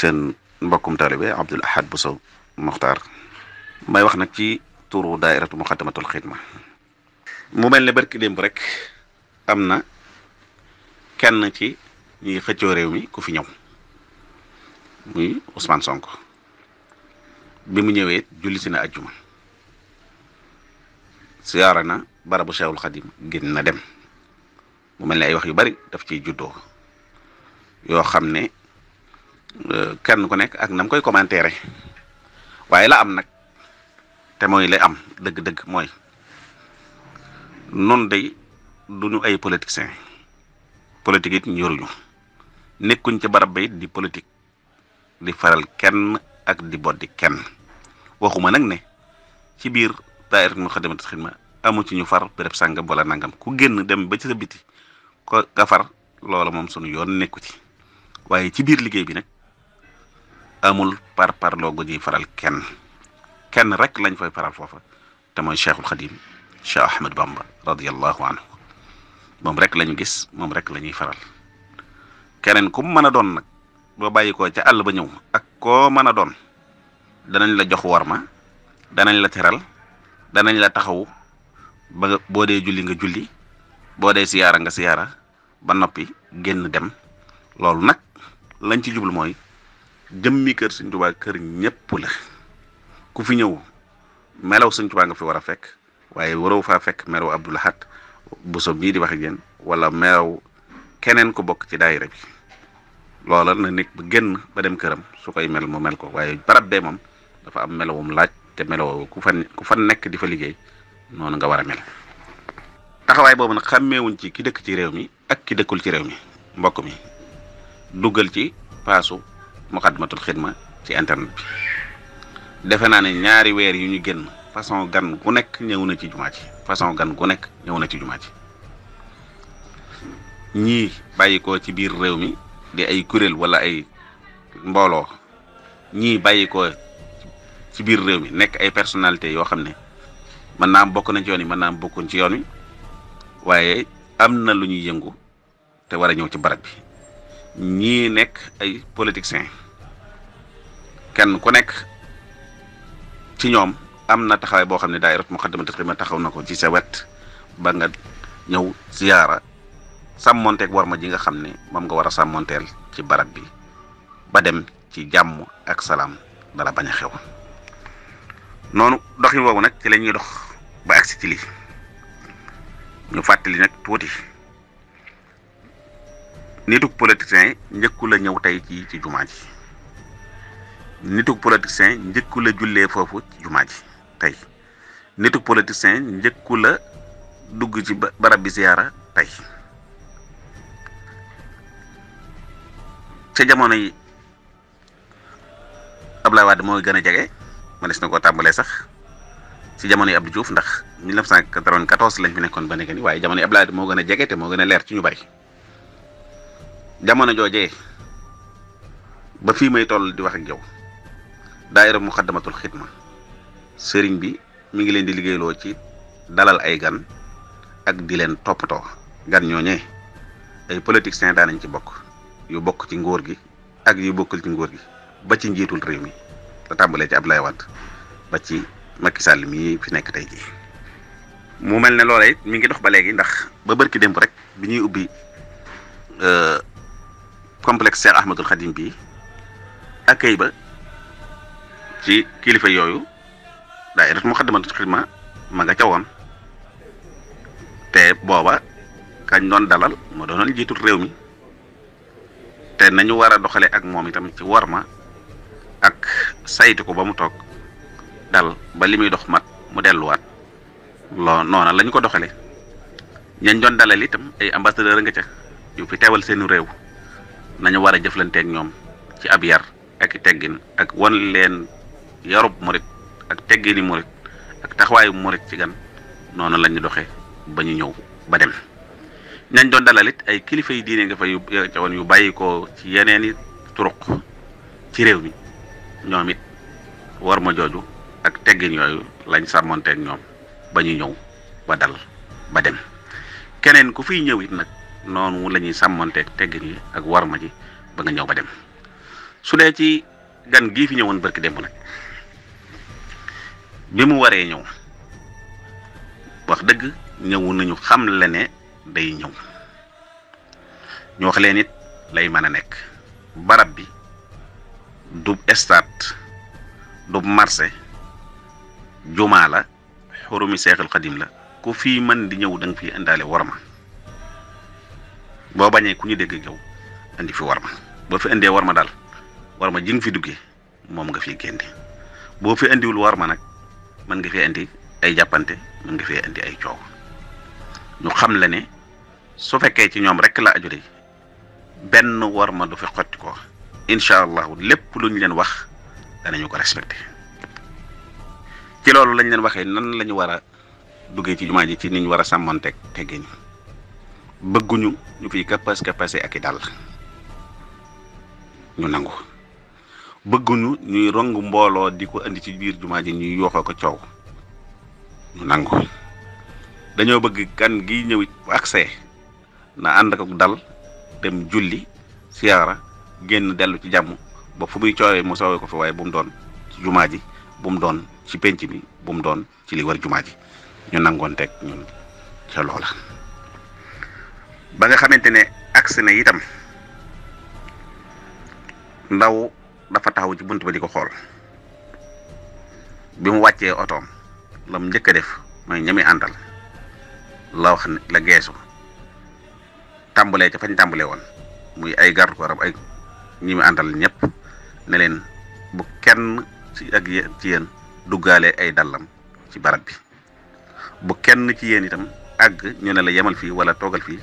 seen mbokkum taalibe Abdul bu Bousso Mokhtar may wax nag ci turu daairatu muxaddamatul xidma mu mel ne barki démb rek am na kenn ci ñuy xëccoo réew mi ku fi ñëw muy Ousmane sonk bi mu ñëwee julli si na ajjuma siyaara na barabu Cheikhul Khadim génn na dem mu mel ne ay wax yu bari daf ciy juddoo yoo xam ne Euh, kenn ku nekk ak nam koy commentaire waaye la am nag te mooy lay am dëgg-dëgg mooy noonu du duñu ay politiciens politique it ñoruñu nekkuñ ca barab ba it di politique di faral kenn ak di boddi kenn waxuma nag ne ci biir daayira Moukhaddamatoul ma amu ci ñu far béréb sàngam wala nangam ku génn dem ba ci sa biti ko nga far loola moom sunu yoon nekku ci waaye ci biir liggéey bi nag amul par parloo gu ñuy faral kenn kenn rek lañ koy faral foofa te mooy cheikhul xadim cheikh ahmad bamba radiallahu anhu moom rek lañu gis moom rek lañuy faral keneen kum mën a doon nag boo bàyyi ko ca àll ba ñëw ak koo mën a doon danañ la jox warma danañ la teral danañ la taxawu ba boo dee julli nga julli boo dee siyaara nga siyaara ba noppi génn dem loolu nag lañ ci jublu mooy jëmmi kër Sëñ kër ñépp la ku fi ñëw melaw Sëñ nga fi war a fekk waaye waroo faa fekk melaw Abdul Ahad Buso bii di waxe ak yéen wala melaw keneen ku bokk ci daayira bi loola na nit ba génn ba dem këram su koy mel mu mel ko waaye barab bee moom dafa am melawum laaj te melaw ku fan nekk di fa liggéey noonu nga war a mel taxawaay boobu nag xàmmeewuñ ci ki dëkk ci réew mi ak ki dëkkul ci réew mi mbokk mi duggal ci paasu Moukhaddamatoul Khidma ci internet bi defe naa ne ñaari weer yu ñu génn façon gan gu nekk ñëw na ci jumaa ji façon gan gu nekk ñëw na ci jumaa ñii bàyyi ci biir réew mi di ay kuréel wala ay mbooloo ñii bàyyi ci biir réew mi nekk ay personnalité yoo xam ne mën naa am bokk nañ ci yoon yi mën naa am bokkuñ ci yoon wi waaye am na lu ñuy yëngu te war ñëw ci barab bi ñii nekk ay politiciens kenn ku nekk ci ñoom am na taxawaay boo xam ne daal daayira Muxaddamatul ma taxaw na ko ci sa wet ba nga ñëw ziyaara sàmmonteeg war ma ji nga xam ne moom nga war a sàmmonteel ci barab bi ba dem ci jàmm ak salaam dara bañ a xew noonu doxin woowu nag ci la dox ba agsi ci ñu fàttali nag tuuti. nituk politicien njëkku la ñëw tey ci ci jumaa ji nituk politicien njëkku la jullee foofu ci jumaa ji tey nituk politicien njëkku la dugg ci barab bi ziyaara tey ca jamono yi Abdoulaye Wade moo gën a jege mënees na koo tàmbalee sax ci jamono yi Abdou Diouf ndax 1994 lañ nekkoon ba nekk ni waaye jamono yi Abdoulaye Wade moo gën a jege te moo gën a leer ci ñu bari jamono joojee ba fii may toll di wax ak yow daayira muxaddamatul xidma sëriñ bi mu ngi leen di liggéeyloo ci dalal ay gan ak di leen toppatoo gan ñooñee ay politiciens daanañ ci bokk yu bokk ci ngóor gi ak yu bokkul ci ngóor gi ba ci njiitul réew mi la tàmbalee ci ab Wade ba ci Macky Sall mii fi nekk tey jii mu mel ne loola it mi ngi dox ba léegi ndax ba bërki démb rek bi ñuy ubbi euh, complexe Cheikh Ahmadul Khadim bi accueil ba ci kilifa yooyu daayira Muxaddamatul Xidma ma nga ca woon te booba kañ doon dalal moo doonoon jiitu réew mi te nañu war a doxale ak moom itam ci worma ak saytu ko ba mu toog dal ba li muy dox mat mu delluwaat loo noona lañ ko doxale ñañ doon dalal itam ay ambassadeur nga ca yu fi teewal seenu réew nañu war a jëflanteeg ñoom ci ab yar ak teggin ak wan leen yarub murit ak teggini murit ak taxawaayu murit ci gan noonu la doxe ba ñu ñëw ba dem. nañ doon dalalit ay kilifa yi diine nga fa yu woon yu bàyyi ci yeneeni i ci réew mi ñoom it war jooju ak teggin yooyu lañ sàmmonteeg ñoom ba ñu ñëw ba dal ba dem keneen ku fiy ñëw nag. noonu la ñuy sàmmanteeg teggin yi ak warma ji ba nga ñëw ba dem su dee ci gan gii fi ñëwoon barki démb nag bi mu waree ñëw wax dëgg ñëwu nañu xam le ne day ñëw ñu wax leen it lay mën a nekk barab bi du stade du marché jumaa la xurumi seexul xadim la ku fii mën di ñëw da fi fiy indaale warma boo bañee ku ñu dégg ak indi fi war ma boo fi indee war ma daal war ma ji nga fi duggee moom nga fi génne boo fi indiwul war ma nag man nga fi indi ay jàppante mën nga fi indi ay coow ñu xam la ne su fekkee ci ñoom rek la aju benn war ma du fi xotti ko incha allahu lépp lu ñu leen wax danañu ko respecté ci loolu lañ leen waxee nan lañu ñu war a duggee ci jumaa ji ci niñ war a sàmmonteeg teggee ñu bëgguñu ñu fiy kappas kappase ak i dàll ñu nangu bëgguñu ñuy rong mbooloo di ko indi ci biir jumaa ji ñuy yooxoo ko coow ñu nangu dañoo bëgg kan gi ñëwit bu accès na ànd ak dal dem julli siyaara génn dellu ci jàmm ba fu muy coowee mu soowee ko fi waaye bu mu doon ci jumaa ji bu mu doon ci pénc mi bu mu doon ci li war jumaa ji ñu nangoon teg ñun ca loola ba nga xamante ne agsi na itam ndaw dafa taxaw ci bunt ba di ko xool bi mu wàccee otoom la mu njëkk def mooy ñami àndal la wax la geesu tàmbalee ca fañ tàmbalee woon muy ay garde ko arab ay ñi mu àndal ñëpp ne leen bu kenn ci ak ci yéen duggaale ay dallam ci barab bi bu kenn ci yéen itam àgg ñu ne la yemal fii wala toogal fii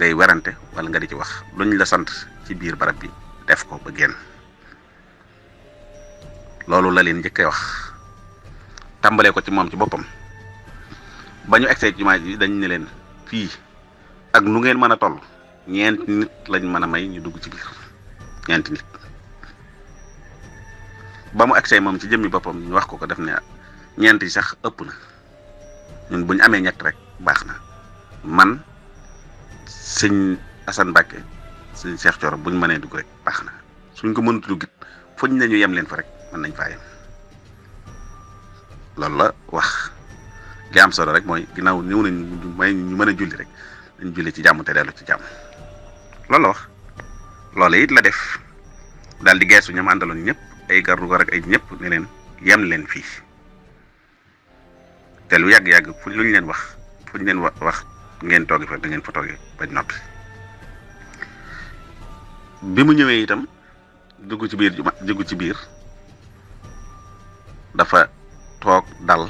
ngay werante wala nga di ci wax luñ la sant ci biir barab bi def ko ba génn loolu la leen njëkkee wax tàmbale ko ci moom ci boppam ba ñu egsee jumaa ji dañ ne leen fii ak nu ngeen mën a toll ñeenti nit lañ mën a may ñu dugg ci biir ñeenti nit ba mu egsee moom ci jëmmi boppam ñu wax ko ko def ne ñeent yi sax ëpp na ñun bu ñu amee ñett rek baax na man. sëñ Assane Mbacke sëñ Cheikh Thioro buñ mënee dugg rek baax na suñ ko mënut a dugg it fuñ ñu yem leen fa rek mën nañ faa yem loolu la wax li am solo rek mooy ginnaaw ñëw nañ ñu mën a julli rek dañ julli ci jàmm te dellu ci jàmm lool la wax loolu it la def daal di geesu ñoom àndaloon ñëpp ay gardu ko rek ay ñëpp ne leen yem leen fii te lu yàgg-yàgg fu luñ leen wax fuñ leen wax ngeen toogee fa da ngeen fa tooge bañ noppi bi mu ñëwee itam dugg ci biir juma dugg ci biir dafa toog dal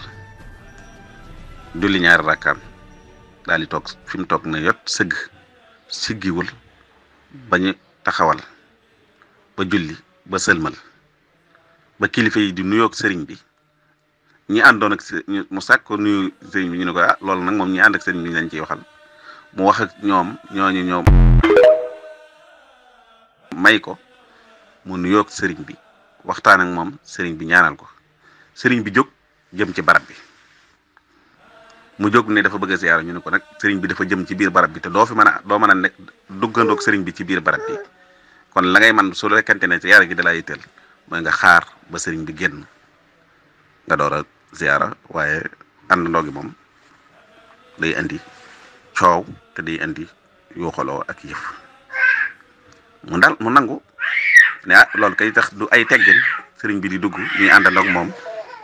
julli ñaar rakkaan daal di toog fi mu toog na yot sëgg siggiwul ba taxawal ba julli ba sëlmal ba kilifa yi di nuyook sëriñ bi ñi àndoon ak mu sàkk ko nuyu sëriñ bi ñu ne ko ah loolu nag moom ñi ànd ak sëriñ bi lañ ciy waxal mu wax ñoom ñooñu ñoom may ko mu nuyoog sëriñ bi waxtaan ak moom sëriñ bi ñaanal ko sëriñ bi jóg jëm ci barab bi mu jóg ne dafa bëgg a ñu ne ko nag sëriñ bi dafa jëm ci biir barab bi te doo fi mën doo mën a nekk duggandoog sëriñ bi ci biir barab bi kon la ngay man su rekkante ne ziyaara gi da laa yitteel mooy nga xaar ba sëriñ bi génn nga door a waaye àndandoo gi moom day andi coow te day indi yuuxaloo ak yëf mu dal mu nangu ne ah loolu kay tax du ay teggin sëriñ bi di dugg ñuy àndandoo ak moom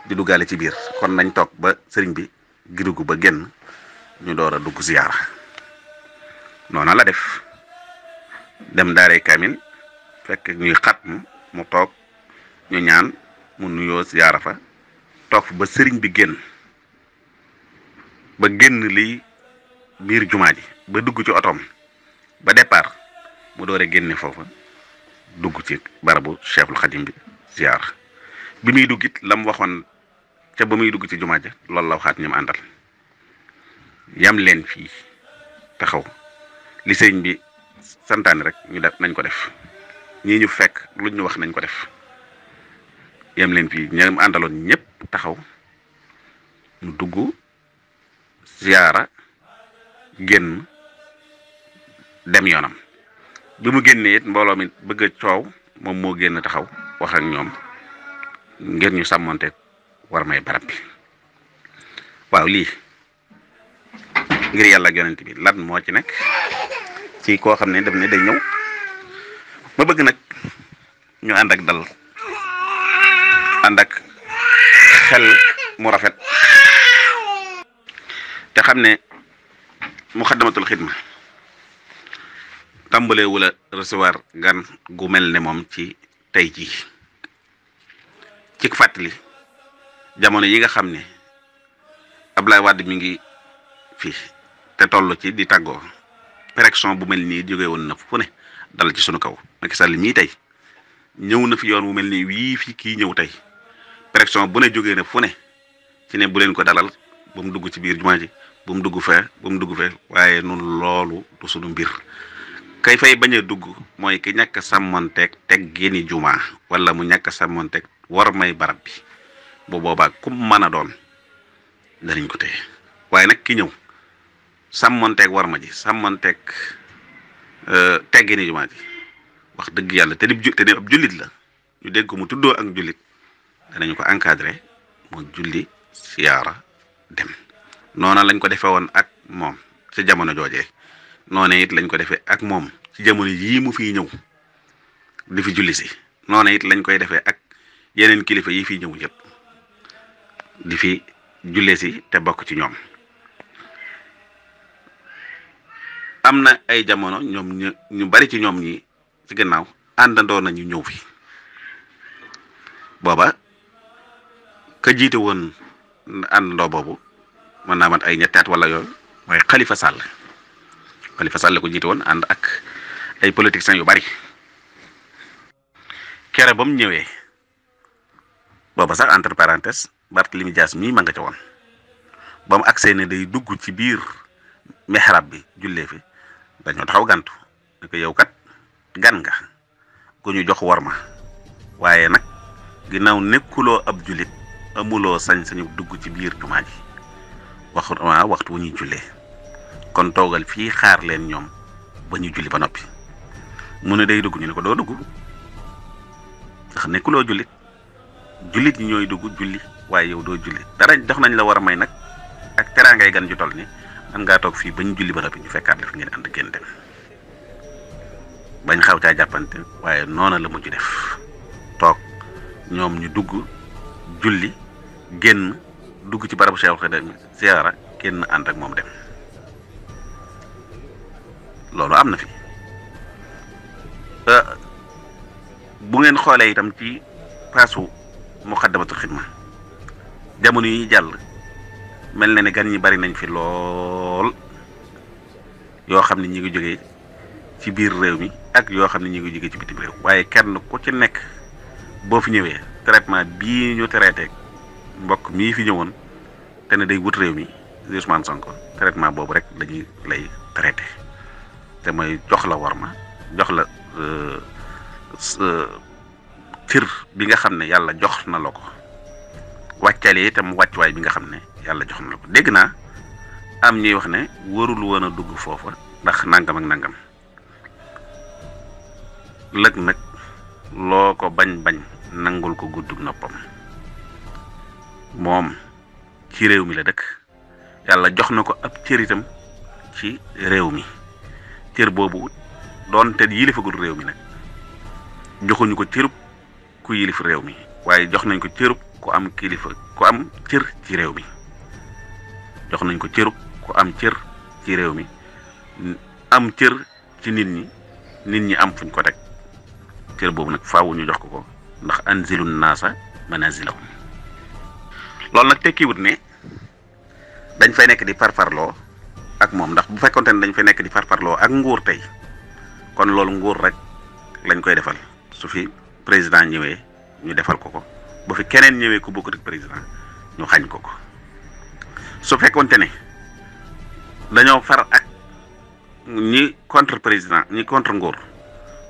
di duggale ci biir kon nañ toog ba sëriñ bi gi dugg ba génn ñu door a dugg ziyaara noona la def dem daaray kamin fekk ñuy xat mu mu toog ñu ñaan mu nuyoo ziyaara fa toog fa ba sëriñ bi génn ba génn lii biir jumaa ji ba dugg ci otoom ba départ mu doore génne foofa dugg ci barabu cheikhul xadim bi ziar bi muy dugg it waxoon ca ba muy dugg ci jumaa ja loolu la waxaat ñoom àndal yam leen fii taxaw li sëriñ bi santaane rek ñu def nañ ko def ñii ñu fekk luñ ñu wax nañ ko def yam leen fii ñoom àndaloon ñëpp taxaw mu dugg ziara génn dem yoonam bi mu génnee it mbooloo mi bëgg a coow moom moo génn taxaw wax ak ñoom ngir ñu sàmmonte war may barab bi waaw lii ngir yàlla yonent bi lan moo ci nekk ci koo xam ne daf ne day ñëw ma bëgg nag ñu ànd ak dal ànd xel mu rafet te xam ne muxaddamatul xidma tàmbalee wula recevoir gan gu mel ne moom ci tey jii ci fàttali jamono yi nga xam ne Ablaye Wade mi ngi fii te toll ci di tàggoo pression bu mel nii jóge woon na fu ne dal ci sunu kaw Macky Sall tey ñëw na fi yoon wu mel nii wii fi kii ñëw tey pression bu ne jógee na fu ne ci ne bu leen ko dalal ba mu dugg ci biir jumaa ji bu mu dugg fee bu mu dugg fee waaye nun loolu du suñu mbir kay fay bañ a dugg mooy ki ñàkk a teg génni jumaa wala mu ñàkk a sàmmanteeg war may barab bi bu boobaa kum mën a doon danañ ko téye waaye nag ki ñëw sàmmanteeg war ma ji sàmmanteeg euh, teg génni jumaa ji wax dëgg yàlla te di te ab jullit la ñu dégg ko mu tuddoo ak jullit danañ ko encadré mu julli siyaara dem noona lañ ko defee woon ak moom ci jamono jooje noona it lañ ko defee ak moom ci jamono yii mu fi ñëw di fi julli si noona it lañ koy defee ak yeneen kilifa yi fi ñëw ñëpp di fi jullee si te bokk ci ñoom am na ay jamono ñoom ñu bari ci ñoom ñi ci gannaaw àndandoo nañu ñëw fi booba ka jiite woon àndandoo boobu mën naa mat ay ñettaat wala yooyu mooy Khalifa Sall Khalifa Sall ko jiite woon ànd ak ay politiciens yu bari kere ba mu ñëwee booba sax entre parenthèses Barthélemy jaas mii ma nga ca woon ba mu agsee ne day dugg ci biir mihrab bi jullee fi dañoo taxaw gantu ne gan nga ku ñu jox war ma waaye nag ginnaaw nekkuloo ab jullit amuloo sañ-sañu dugg ci biir jumaa ji wax waaw waxtu wu ñu jullee kon toogal fii xaar leen ñoom ba ñu julli ba noppi mu ne day dugg ñu ne ko doo dugg ndax nekkuloo jullit jullit ñi ñooy dugg julli waaye yow doo julli dara jox nañ la war a may nag ak teraangay gan ju toll ni man ngaa toog fii ba ñu julli ba noppi ñu fekkaat def ngeen ànd génn dem bañ xaw caa jàppante waaye noona la mujj def toog ñoom ñu dugg julli génn dugg ci barabu Seexul Xadiim siyaara kenn ànd ak moom dem loolu am na fi euh, bu ngeen xoolee itam ci paasu muqaddamatul xidma jamono yi jàll mel na ne gan ñi bari nañ fi lool yoo xam ne ñi ngi jógee ci biir réew mi ak yoo xam ne ñi ngi jógee ci bitim réew waaye kenn ku ci nekk boo fi ñëwee traitement bii ñu traité mbokk mii fi ñëwoon te ne day wut réew mi di Sonko traitement boobu rek lañuy lay traité te mooy jox la war ma la euh, euh, cir bi nga xam ne yàlla jox na la ko wàccalee itam wàccuwaay bi nga xam ne yàlla jox na dégg naa am ñuy wax ne warul woon a dugg foofa ndax nangam ak nangam lëg nag loo ko bañ bañ nangul ko gudd nappam moom ci réew mi la dëkk yàlla jox na ko ab cër itam ci réew mi cër boobu doon te yilifagul réew mi nag joxuñu ko cërub ku yilif réew mi waaye jox nañ ko cërub ku am kilifa ku am cër ci réew mi jox nañ ko cërub ku am cër ci réew mi am cër ci nit ñi nit ñi am fuñ ko teg cër boobu nag faaw ñu jox ko ko ndax anzilun naasa manazilahum loolu nag tekkiwut ne dañ fay nekk di farfarloo ak moom ndax bu fekkonte ne dañ fay nekk di farfarloo ak nguur tey kon loolu nguur rek lañ koy defal su fi président ñëwee ñu defal ko ko bu fi keneen ñëwee ku bokkut ak président ñu xañ ko ko su fekkonte ne dañoo far ak ñi contre président ñi contre nguur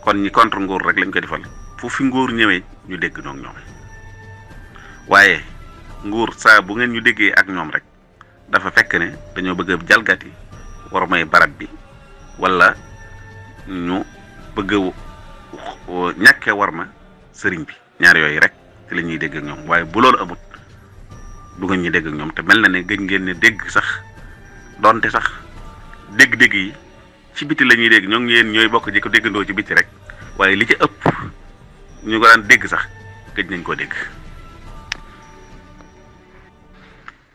kon ñi contre nguur rek lañ koy defal fu fi nguur ñëwee ñu dégg noog ñoom waaye nguur saa bu ngeen ñu déggee ak ñoom rek dafa fekk ne dañoo bëgg a jalgati war may barab bi walla ñu bëgg ñàkkee war ma sëriñ bi ñaar yooyu rek ci la dégg ak ñoom waaye bu loolu amut du ngeen ñu dégg ak ñoom te mel na ne gëj ngeen ne dégg sax donte sax dégg-dégg yi ci biti la ñuy dégg ñoom yéen ñooy bokk di ko déggandoo ci biti rek waaye li ci ëpp ñu ko daan dégg sax gëj nañ koo dégg.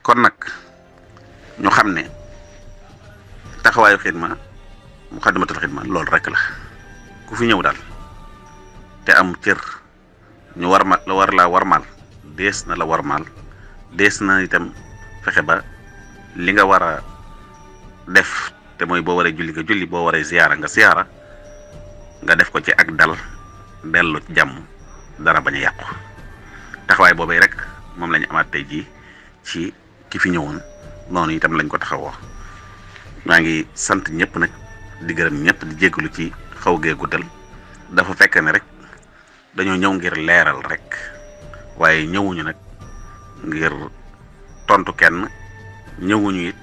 kon nag ñu xam ne taxawaayu xidma Muxaddamatul Xidma loolu rek la ku fi ñëw daal te am cër ñu war ma la war laa warmaal dees na la war warmaal dees na itam fexe ba li nga war a def te mooy boo waree julli nga julli boo waree ziyaara nga ziyaara nga def ko ci ak dal dellu jàmm dara bañ a yàqu taxawaay boobee rek moom la amaat tey jii ci. ki fi ñëwoon noonu itam lañ ko taxawoo maa ngi sant ñëpp nag di gërëm ñëpp di jégalu ci xaw gee guddal dafa fekk ne rek dañoo ñëw ngir leeral rek waaye ñëwuñu nag ngir tontu kenn ñëwuñu yit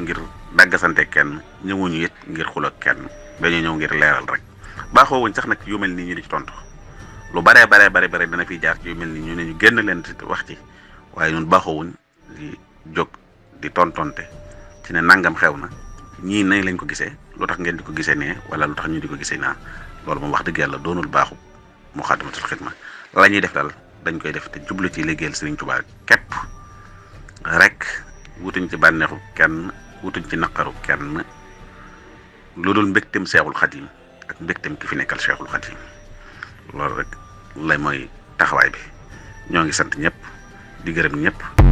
ngir daggasante kenn ñëwuñu yit ngir xul kenn dañoo ñëw ngir leeral rek baaxoo wuñ sax nag yu mel ni ñu di ci tontu lu baree baree bare bare dana fi jaar ci yu mel nii ñu ne ñu génn leen wax ci waaye ñun baaxoo wuñ jóg di tontonte ci ne nangam xew na ñii nay lañ ko gisee lu tax ngeen di ko gisee nee wala lu tax ñu di ko gisee naa loolu moom wax dëgg yàlla doonul baaxu mu Muxaddamatul Xidma la ñuy def daal dañ koy def te jublu ci liggéeyal Sëriñ Tuubaa képp rek wutuñ ci bànneexu kenn wutuñ ci naqaru kenn lu dul mbégtem Seexul Xadiim ak mbégtem ki fi nekkal Seexul Xadiim loolu rek lay mooy taxawaay bi ñoo ngi sant ñëpp di gërëm ñëpp.